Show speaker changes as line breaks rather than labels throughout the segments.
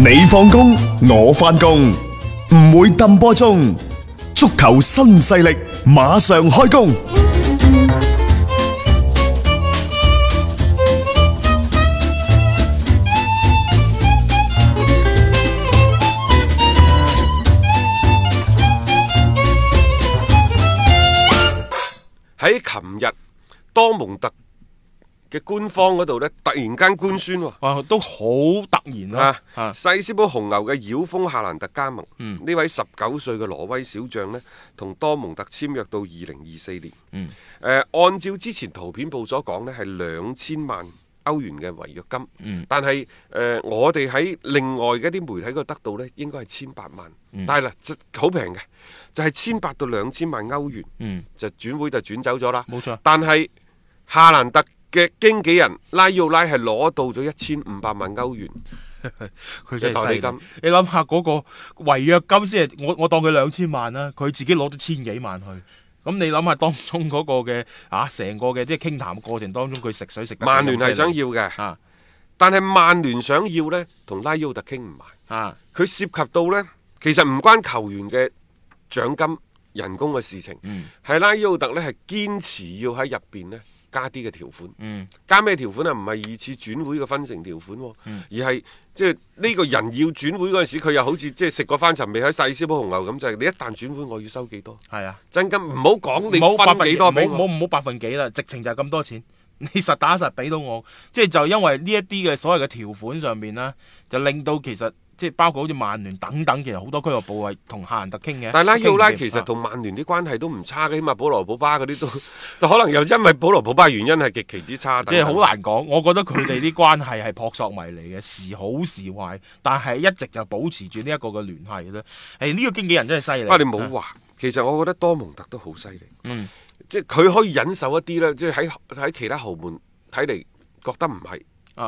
你放工，我翻工，唔會撳波鐘。足球新勢力馬上開工。
喺琴日，多蒙特嘅官方嗰度呢，突然間官宣，哇，都好突然啊，薩爾斯堡紅牛嘅妖鋒夏蘭特加盟。嗯、呢位十九歲嘅挪威小將呢，同多蒙特簽約到二零二四年。嗯、呃，按照之前圖片報所講呢，係兩千萬歐元嘅違約金。嗯、但係誒、呃，我哋喺另外嘅啲媒體嗰度得到呢，應該係千八萬。嗯、但係嗱，好平嘅，就係千八到兩千萬歐元、嗯。就轉會就轉走咗啦。冇錯。但係夏蘭特。嘅經紀人拉尤拉係攞到咗一千五百萬歐元，
佢就係代理金。你諗下嗰個違約金，先係我我當佢兩千萬啦，佢自己攞咗千幾萬去。咁你諗下當中嗰個嘅啊，成個嘅即係傾談過程當中，佢食水食得。曼聯係想要嘅，啊，
但係曼聯想要咧，同拉尤特傾唔埋。佢、啊、涉及到咧，其實唔關球員嘅獎金、人工嘅事情，係、嗯、拉尤特咧係堅持要喺入邊咧。加啲嘅條款，嗯、加咩條款啊？唔係二次轉會嘅分成條款、啊，嗯、而係即係呢個人要轉會嗰陣時，佢又好似即係食過翻尋味喺薩爾斯堡紅牛咁，就係、是、你一旦轉會，我要收幾多？係啊，真
金唔好講，嗯、你分幾多？唔好唔好百分幾啦，直情就係咁多錢，你實打實俾到我。即係就因為呢一啲嘅所謂嘅條款上面啦，就令到其實。即係包括好似曼聯等等，其實好多俱樂部係同夏蘭特傾嘅。但拉約拉其實
同曼聯啲關係都唔差嘅，起碼保羅保巴嗰啲都。但 可能又因為保羅保巴原因係極其之差，即係好難
講。 我覺得佢哋啲關係係撲朔迷離嘅，時好時壞，但係一直就保持住呢一個嘅聯繫啦。誒、哎，呢、這個經紀人真係犀利。啊，你冇話，其實我覺得多蒙
特都好犀利。嗯，即係佢可以忍受一啲咧，即係喺喺其他豪門睇嚟覺得唔係。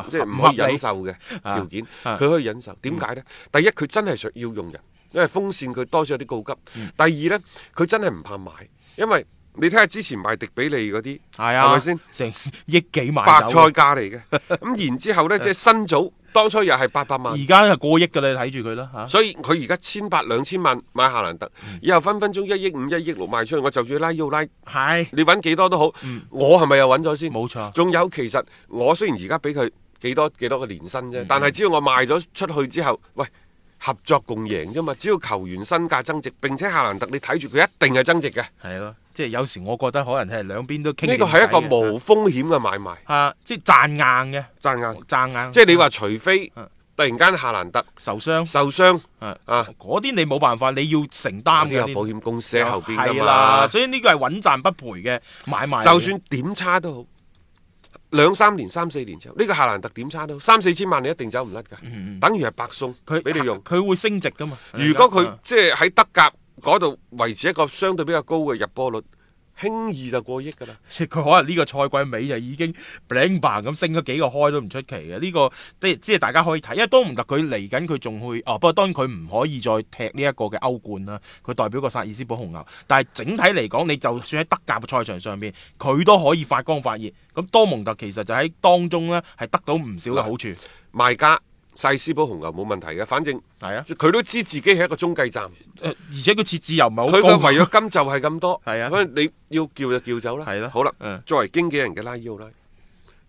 即係唔可以忍受嘅條件，佢、啊、可以忍受。點解、啊、呢？嗯、第一，佢真係想要用人，因為風扇佢多少有啲告急。第二呢，佢真係唔怕買，因為。你睇下之前賣迪比利嗰啲係啊，係咪先
成億幾買白菜價
嚟嘅？咁然之後呢，即係新組當初又係八百萬，而家又過億嘅，你睇住佢啦。所以佢而家千八兩千萬買夏蘭特，以後分分鐘一億五、一億六賣出去，我就要拉要拉。係你揾幾多都好，我係咪又揾咗先？冇錯。仲有，其實我雖然而家俾佢幾多幾多個年薪啫，但係只要我賣咗出去之後，喂，合作共贏啫嘛。只要球員身價增值，並且夏蘭特你睇住佢一定係增值嘅。係咯。即係有
時，我覺得可能係兩邊都傾，呢個係一個無
風險嘅買賣，
係即係賺硬嘅，賺硬賺硬。即係你話，除非突然間夏蘭特受傷，受傷啊嗰啲你冇辦法，你要承擔嘅呢啲有保險公司喺後邊㗎嘛，所以呢個係穩賺不賠嘅買賣。就算
點差都好，兩三年、三四年之後，呢個夏蘭特點差都三四千萬，你一定走唔甩㗎。嗯嗯，等於係白送佢俾你
用，佢會升值㗎嘛。如果佢即係
喺德甲。嗰度維持一個相對比較高嘅
入波率，輕易就過億㗎喇。佢可能呢個賽季尾就已經餅棒咁升咗幾個開都唔出奇嘅。呢、呢個即係大家可以睇，因為多蒙特佢嚟緊佢仲去哦。不過當然佢唔可以再踢呢一個嘅歐冠啦。佢代表過薩爾斯堡紅牛，但係整體嚟講，你就算喺德甲嘅賽場上面，佢都可以發光發熱。咁多蒙特其實就喺當中呢，係得到唔少嘅好處。賣家。西斯堡紅牛冇問題嘅，反正
係啊，佢都知自己係一個中繼站、呃，而且個設置又唔係好高。佢嘅違約金就係咁多，係啊，你要叫就叫走啦，係咯，好啦，作為經紀人嘅拉伊奧拉，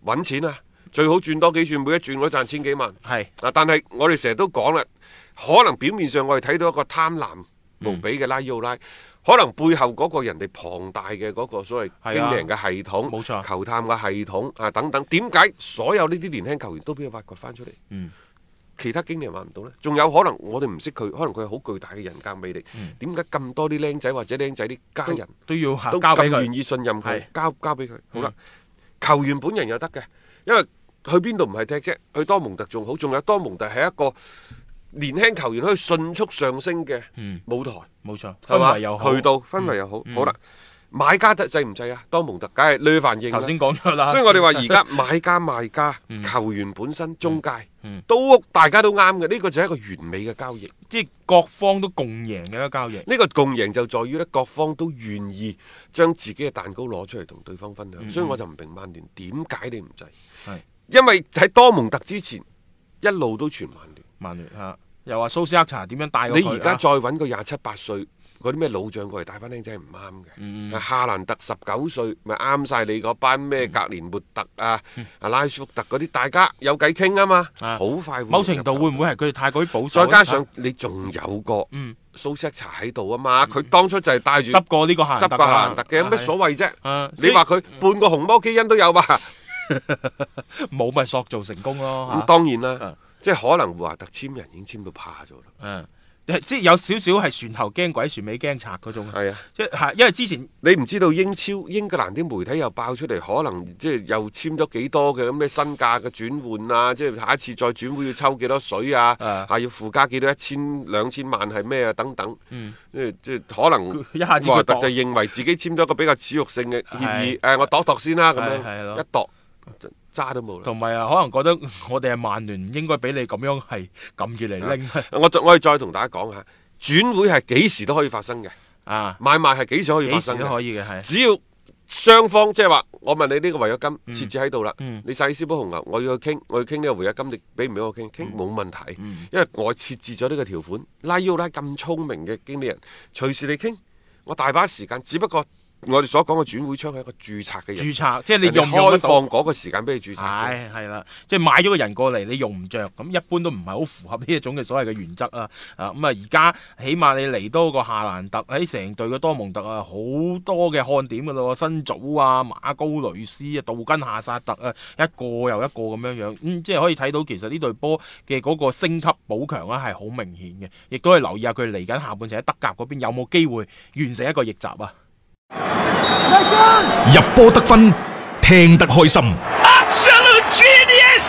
揾錢啊，最好轉多幾轉，每一轉我都賺千幾萬，係是啊，但係我哋成日都講啦，可能表面上我哋睇到一個貪婪無比嘅拉伊奧拉，嗯、可能背後嗰個人哋龐大嘅嗰個所謂經理人嘅系統，冇錯、啊，錯球探嘅系統啊等等，點解所有呢啲年輕球員都俾佢挖掘翻出嚟？嗯其他經理人話唔到呢？仲有可能我哋唔識佢，可能佢係好巨大嘅人格魅力。點解咁多啲僆仔或者僆仔啲家人都要都咁願意信任佢，交的交俾佢？好啦，嗯、球員本人又得嘅，因為去邊度唔係踢啫，去多蒙特仲好，仲有多蒙特係一個年輕球員可以迅速上升嘅舞台，
冇、嗯、錯，氛圍渠道氛圍又好，好啦。嗯
嗯買家得制唔制啊？多蒙特梗係呢，反應頭先講啦，所以我哋話而家買家、賣家、 球員本身、嗯、中介、嗯嗯、都大家都啱嘅，呢、這個就係一個完美嘅交易，即係各方都共贏嘅一個交易。呢個共贏就在於咧，各方都願意將自己嘅蛋糕攞出嚟同對方分享，嗯、所以我就唔明曼聯。點解你唔制？係是因為喺多蒙特之前一路都全曼聯，曼聯啊，
啊，又話蘇斯，斯克查點樣帶？啊、你而家再
揾個廿七八歲？嗰啲咩老將過嚟帶翻僆仔係唔啱嘅，夏蘭特十九歲咪啱曬你嗰班咩格連沒特啊啊拉舒福特嗰啲，大家有偈傾啊嘛，好快。某程度
會唔會係佢哋太過於保守？再加上
你仲有個蘇斯克查喺度啊嘛，佢當初就係帶住執過呢個夏蘭特嘅，有咩所謂啫？
你話佢
半個紅魔基因都有吧？
冇咪塑造成功咯？咁當然啦，即係可能活華德簽人已經簽到怕咗啦。即係有少少係船頭驚鬼船尾驚賊嗰種。係啊，一吓，因為
之前你唔知道英超英格蘭啲媒體又爆出嚟，可能即係又簽咗幾多嘅咁咩身價嘅轉換啊，即係下一次再轉會要抽幾多水啊，啊要附加幾多一千兩千萬係咩啊等等。即係即係可能，多特就認為自己簽咗個比較恥辱性嘅協議，誒我度度先啦咁樣，一
度。渣都冇啦，同埋啊，可能覺得我哋係曼聯唔應該俾你咁樣係撳住嚟拎。我再我再同大家講下，轉會係幾時都可以發生嘅，啊，買賣係幾時可以發生嘅，都可以嘅，係。
只要雙方即係話，我問你呢個違約金、嗯、設置喺度啦，嗯、你薩爾斯堡紅牛，我要去傾，我要傾呢個違約金，你俾唔俾我傾？傾冇、嗯、問題，嗯、因為我設置咗呢個條款。拉伊奧拉咁聰明嘅經理人，隨時你傾，我大把時間，只不過。我哋所講嘅轉會窗係一個註冊嘅人，註冊即係你用開放
嗰個時間俾你註冊。係啦、哎，即係買咗個人過嚟，你用唔着，咁，一般都唔係好符合呢一種嘅所謂嘅原則啊。啊咁啊，而家起碼你嚟多個夏蘭特喺成隊嘅多蒙特多啊，好多嘅看點噶咯，新組啊馬高雷斯啊杜根夏薩特啊一個又一個咁樣樣、嗯、即係可以睇到其實呢隊波嘅嗰個升級補強啊係好明顯嘅，亦都係留意下佢嚟緊下半程喺德甲嗰邊有冇機會完成一個逆襲啊！入波得分，聽得開心。
George, yes!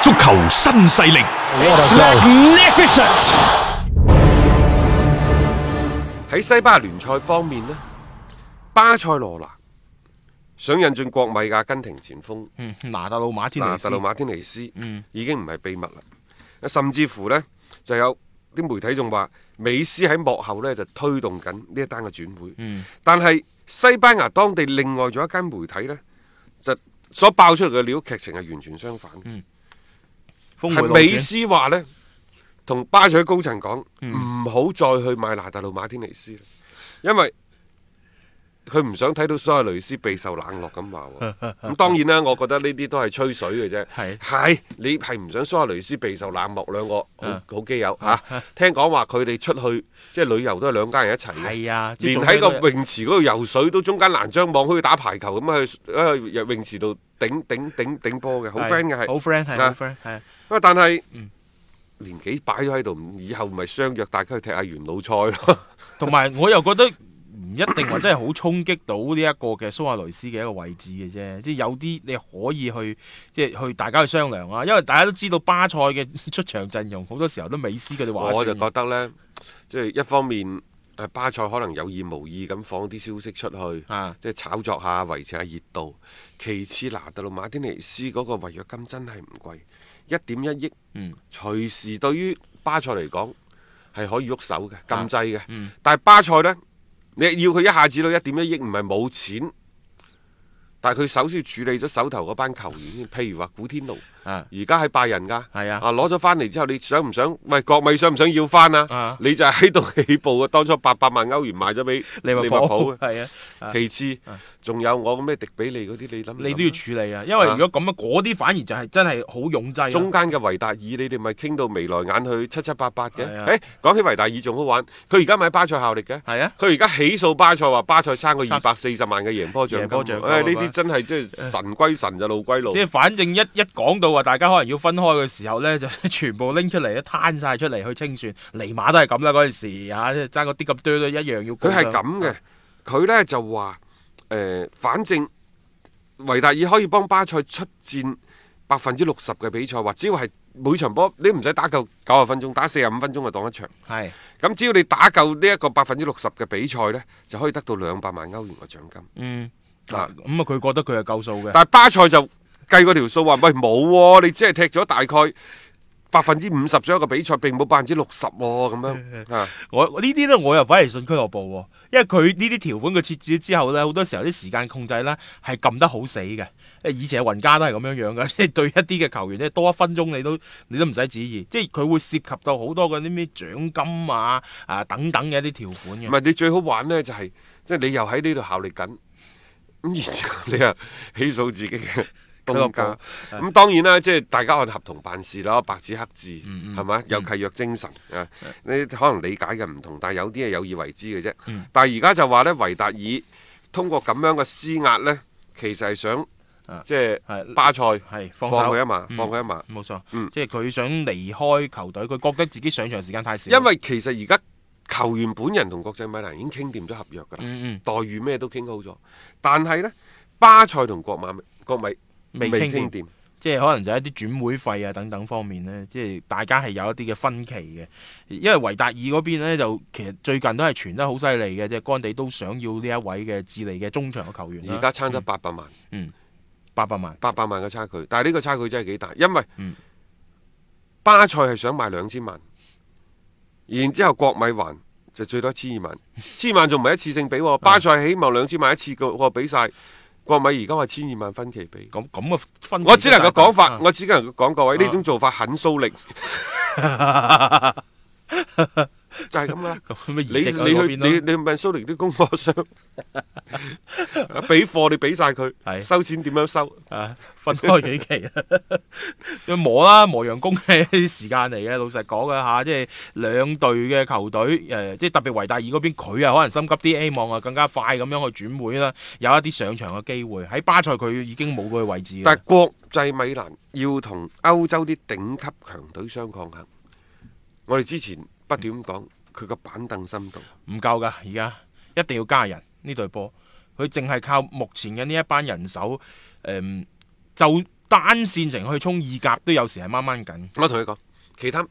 足球新勢力 Magnificent
喺 's 西班牙聯賽方面咧，巴塞羅那想引進國米嘅阿根廷前鋒、嗯，拿大魯馬天尼斯，尼斯已經唔係秘密啦。嗯、甚至乎呢，就有啲媒體仲話。美斯喺幕後呢就推動緊呢一單嘅轉會，嗯、但係西班牙當地另外仲有一間媒體呢，就所爆出嚟嘅料劇情係完全相反。嗯、美斯話呢，同、嗯、巴塞高層講唔好再去買拿大路馬天尼斯，因為。佢唔想睇到蘇亞雷斯備受冷落咁話喎，咁當然啦，我覺得呢啲都係吹水嘅啫。係係，你係唔想蘇亞雷斯備受冷落漠？兩個好好基友嚇，聽講話佢哋出去即係旅遊都係兩家人一齊嘅。係啊，連喺個泳池嗰度游水都中間攔張網去打排球咁去啊入泳池度頂頂頂頂波嘅，好 friend 嘅係。好 friend 係，好
friend
係。啊，但係年紀擺咗喺度，以後咪相約大家去踢下元老賽咯。
同埋我又覺得。 一定話真係好衝擊到呢一個嘅蘇亞雷斯嘅一個位置嘅啫，即、就、係、是、有啲你可以去即係、就是、去大家去商量啊，因為大家都知道巴塞嘅出場陣容好多時候都美斯佢哋話。我就覺
得呢，即係 一方面巴塞可能有意無意咁放啲消息出去，即係、啊、炒作下維持下熱度。其次，拿特魯馬丁尼斯嗰個違約金真係唔貴，一點一億，嗯、隨時對於巴塞嚟講係可以喐手嘅禁制嘅。啊嗯、但係巴塞呢？你要佢一下子到一點一億，唔係冇錢。但係佢首先處理咗手頭嗰班球員，譬如話古天奴，而家喺拜仁噶，係啊，攞咗翻嚟之後，你想唔想？喂，國米想唔想要翻啊？你就喺度起步嘅，當初八百萬歐元買咗俾利物浦嘅，係啊。其次，仲有我咩迪比利嗰啲，你諗？你都要處理啊，因為如果
咁樣啊，嗰啲反而就係真係好擁
擠。中間嘅維達爾，你哋咪傾到眉來眼去七七八八嘅。誒，講起維達爾仲好玩，佢而家買巴塞效力嘅，係啊。佢而家起訴巴塞話巴塞差佢二百四十萬嘅贏波獎金。真係即係神歸神就路歸路，即係
反正一一講到話大家可能要分開嘅時候呢，就全部拎出嚟，都攤晒出嚟去清算，尼馬都係咁啦嗰陣時吓，爭個啲咁多都一樣要。佢係咁嘅，佢呢就話
誒，反正維達爾可以幫巴塞出戰百分之六十嘅比賽，話只要係每場波你唔使打夠九十分鐘，打四十五分鐘就當一場。係咁，只要你打夠呢一個百分之六十嘅比賽呢，就可以得到兩百萬歐元嘅獎金。嗯。
嗱，咁啊，佢、嗯、覺得佢係夠數嘅。但係巴塞
就計嗰條數話， 喂冇喎、啊，你只係踢咗大概百分之五十左右嘅比賽，並冇百分之六十喎咁樣。啊，
啊我呢啲咧，我又反而信俱樂部喎、啊，因為佢呢啲條款佢設置咗之後咧，好多時候啲時間控制咧係撳得好死嘅。以前嘅雲加都係咁樣樣嘅， 對一啲嘅球員咧多一分鐘你都你都唔使指意，即係佢會涉及到好多嗰啲咩獎金啊啊等等嘅一啲條款嘅。唔係、啊，你最好玩咧就係、是，即、就、係、是、你又喺呢度效力緊。
咁然之後你啊起訴自己嘅東家，咁、 嗯嗯、當然啦，即、就、係、是、大家按合同辦事啦，白紙黑字，係咪、嗯嗯？有契約精神啊、嗯，你可能理解嘅唔同，但係有啲係有意為之嘅啫。嗯、但係而家就話咧，維達爾通過咁樣嘅施
壓咧，其實係想，即係巴塞係放佢一馬，放佢一馬，冇、嗯、錯。嗯、即係佢想離開球隊，佢覺得自己上場時間太少，因為其實而家。球員本人同國際米蘭已經傾掂咗合約㗎啦，嗯嗯，待遇咩都傾好咗，但係呢，巴塞同國、國米國米未傾掂，即係可能就係一啲轉會費啊等等方面呢，即係大家係有一啲嘅分歧嘅。因為維達爾嗰邊呢就其實最近都係傳得好犀利嘅，即係干地都想要呢一位嘅智利嘅中場嘅球員，而家差得八百萬，嗯，嗯，八百萬，八百萬嘅差距，但係呢個差距真係幾大，因為、
嗯、巴塞係想賣兩千萬，然之後國米還。就最多千二萬，千二萬仲唔係一次性俾、哦？巴塞希望兩千萬一次過俾曬，國米而家話千二萬分期俾。咁咁啊
分，我只能夠講
法，啊、我只能夠講各位呢、啊、種做法很粗力。啊 就係咁啦，你你去你你問蘇寧啲供貨商，俾
貨你俾晒佢，是收錢點樣收、啊？分開幾期啊？ 磨啦磨洋工嘅時間嚟嘅，老實講嘅嚇，即係兩隊嘅球隊誒、啊，即係特別維大爾嗰邊，佢啊可能心急啲，希望啊更加快咁樣去轉會啦、啊，有一啲上場嘅機會。喺巴塞佢已經冇佢位置。但係國際米蘭要同歐
洲啲頂級強隊相抗衡，我哋之前。不斷講佢個
板凳深度唔夠噶而家一定要加人呢隊波。佢淨係靠目前嘅呢一班人手，誒、嗯，就單線程去衝意甲都有時係掹掹緊。我同你講，其他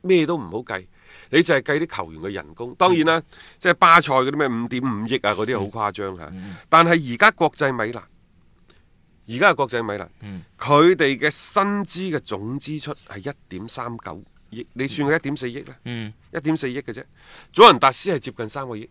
咩都唔好計，你就係計啲球員嘅人
工。當然啦，嗯、即係巴塞嗰啲咩五點五億啊，嗰啲好誇張吓。嗯、但係而家國際米蘭，而家係國際米蘭，佢哋嘅薪資嘅總支出係一點三九。你算佢一點四億喇？嗯，一點四億嘅啫。祖雲達斯係接近三個億，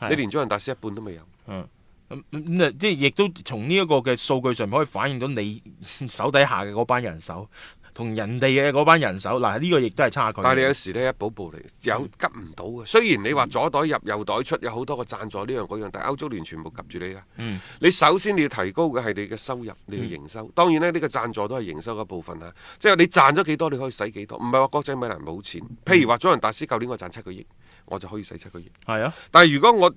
啊、你連祖雲達斯一半都未有，
嗯。嗯，咁咁即係亦都從呢一個嘅數據上面可以反映到你手底下嘅嗰班人手，同人哋嘅嗰班人手，嗱、啊、呢、這個亦都係差距。但係你有時呢，一步步嚟，有、嗯、
急唔到嘅。雖然你話左袋入右袋出，有好多個贊助呢樣嗰樣，但係歐洲聯全部及住你㗎。嗯、你首先你要提高嘅係你嘅收入，你要營收。嗯、當然呢，呢、這個贊助都係營收嘅部分啊。即、就、係、是、你賺咗幾多，你可以使幾多。唔係話國際米蘭冇錢。譬如話，祖雲達斯舊年我賺七個億，我就可以使七個億。係啊、嗯，但係如果我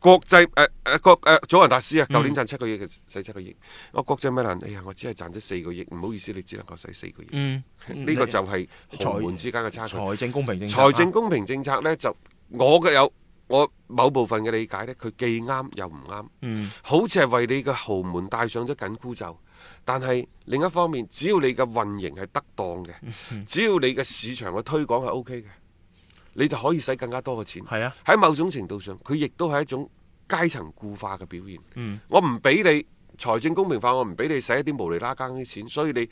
國際誒誒國誒、呃、祖雲達斯啊，舊年賺七個億，使、嗯、七個億。我國際米蘭，哎呀，我只係賺咗四個億，唔好意思，你只能夠使四個億。呢、嗯嗯、個就係豪門之間嘅差距。財政公平政策，財政公平政策咧，就我嘅有我某部分嘅理解呢，佢既啱又唔啱。嗯、好似係為你嘅豪門戴上咗緊箍咒，但係另一方面，只要你嘅運營係得當嘅，只要你嘅市場嘅推廣係 OK 嘅。你就可以使更加多嘅錢。係啊，喺某種程度上，佢亦都係一種階層固化嘅表現。嗯，我唔俾你財政公平化，我唔俾你使一啲無厘拉更啲錢，所以你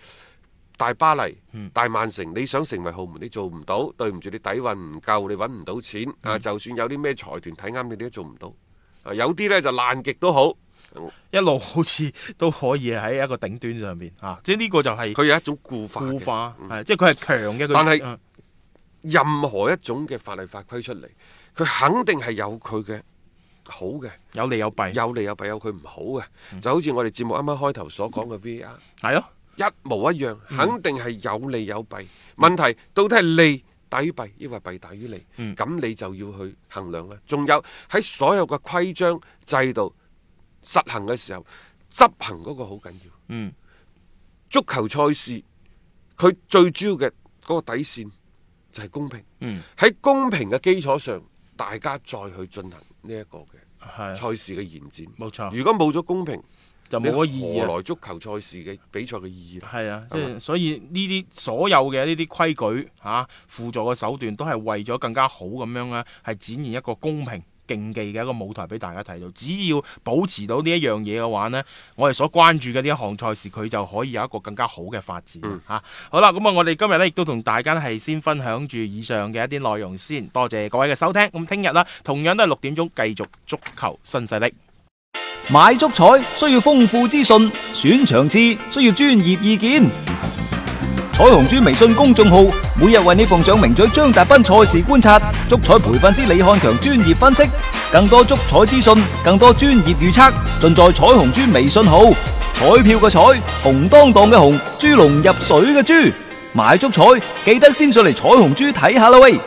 大巴黎、大曼城，你想成為豪門，你做唔到。對唔住，你底蘊唔夠，你揾唔到錢。啊，就算有啲咩財團睇啱你，你都做唔到。啊，有啲呢就爛極都好，
一路好似都可以喺一個頂端上面。啊，即係呢個就係佢有一種固化，固化即係佢係強嘅。但係
任何一種嘅法律法規出嚟，佢肯定係有佢嘅好嘅，有利有弊，有利有弊，有利有弊，有佢唔好嘅，嗯、就好似我哋節目啱啱開頭所講嘅 VR，係咯、嗯，一模一樣，肯定係有利有弊。嗯、問題到底係利大於弊，抑或弊大於利？咁、嗯、你就要去衡量啦。仲有喺所有嘅規章制度實行嘅時候，執行嗰個好緊要。嗯，足球賽事佢最主要嘅嗰個底線，就係公平，喺、嗯、公平嘅基礎上，大家再去進行呢一個嘅的賽事嘅延展。冇錯，如果冇咗公平，
就冇咗意義，啊。何來
足球賽事嘅比賽嘅意義？係
啊，即係所以呢啲所有嘅呢啲規矩吓，輔助嘅手段，都係為咗更加好咁樣咧，係展現一個公平。競技嘅一個舞台俾大家睇到，只要保持到呢一樣嘢嘅話呢，我哋所關注嘅呢一項賽事，佢就可以有一個更加好嘅發展吓。好啦，咁啊，我哋今日呢，亦都同大家係先分享住以上嘅一啲內容先，多謝各位嘅收聽。咁聽日啦，同樣都係六點鐘繼續足球新勢力。買足彩需要豐富資訊，選場次需要專業意見。彩虹豬微信公眾號每日為你奉上名嘴張達斌賽事觀察、足彩培訓師李漢強專業分析，更多足彩資訊、更多專業預測，盡在彩虹豬微信號。彩票嘅彩，紅當當嘅紅，豬籠入水嘅豬，買足彩記得先上嚟彩虹豬睇下啦喂！